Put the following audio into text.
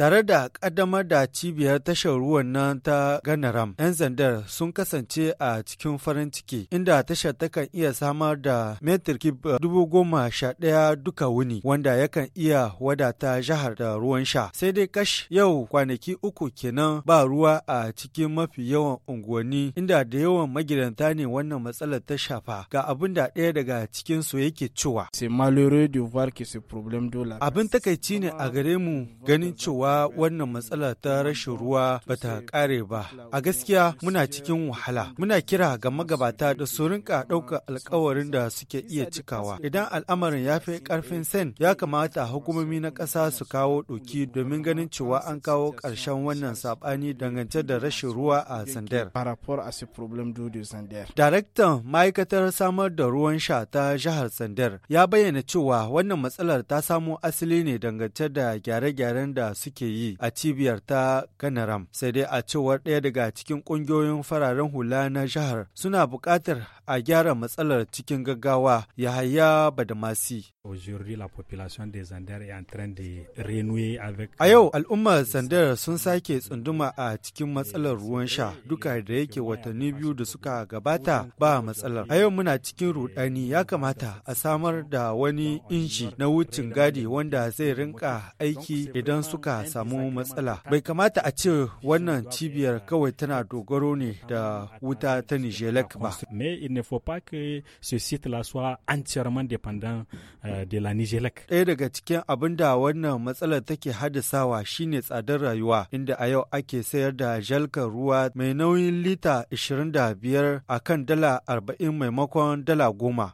Tare da ƙaddamar da cibiyar tashar ruwan nan ta Ganaram, 'yan zandar sun kasance a cikin farin ciki, inda tashar takan iya samar da metir eh, dubu goma sha ɗaya duka wuni, wanda yakan iya wadata jihar da ruwan sha. Sai dai kash yau kwanaki uku kenan ba ruwa a cikin mafi yawan unguwanni, inda da yawan magidanta ne wannan matsalar ta shafa. Ga abin da ɗaya daga cikin su yake cewa. Abin takaici ne a gare mu ganin cewa wannan matsala ta rashin ruwa ba ta ƙare ba. A gaskiya muna cikin wahala. Muna kira ga magabata da su rinka ɗauka alkawarin da suke iya cikawa. Idan al'amarin ya fi ƙarfin sen ya kamata hukumomi na ƙasa su kawo ɗoki domin ganin cewa an kawo ƙarshen wannan saɓani dangance da rashin ruwa a Zandar. Daraktan ma'aikatar samar da ruwan sha ta jihar Zandar ya bayyana cewa wannan matsalar ta samo asali ne dangance da gyare-gyaren da suke ake yi a cibiyar ta Ganaram. Sai dai a cewar ɗaya daga cikin ƙungiyoyin fararen hula na jihar suna buƙatar a gyara matsalar cikin gaggawa ya da Badamasi. A yau al'ummar Zandar sun sake tsunduma a cikin matsalar ruwan sha duka da yake watanni biyu da suka gabata ba matsalar. A yau muna cikin rudani ya kamata a samar da wani inji na wucin gadi wanda zai rinka aiki idan suka samu matsala. Bai kamata a ce wannan cibiyar kawai tana dogaro ne da wuta ta Nijelek ba. il euh, Ɗaya daga cikin abin da wannan matsalar take haddasawa shine tsadar rayuwa inda a yau ake sayar da jalkar ruwa mai nauyin lita 25 a kan dala 40 maimakon dala goma.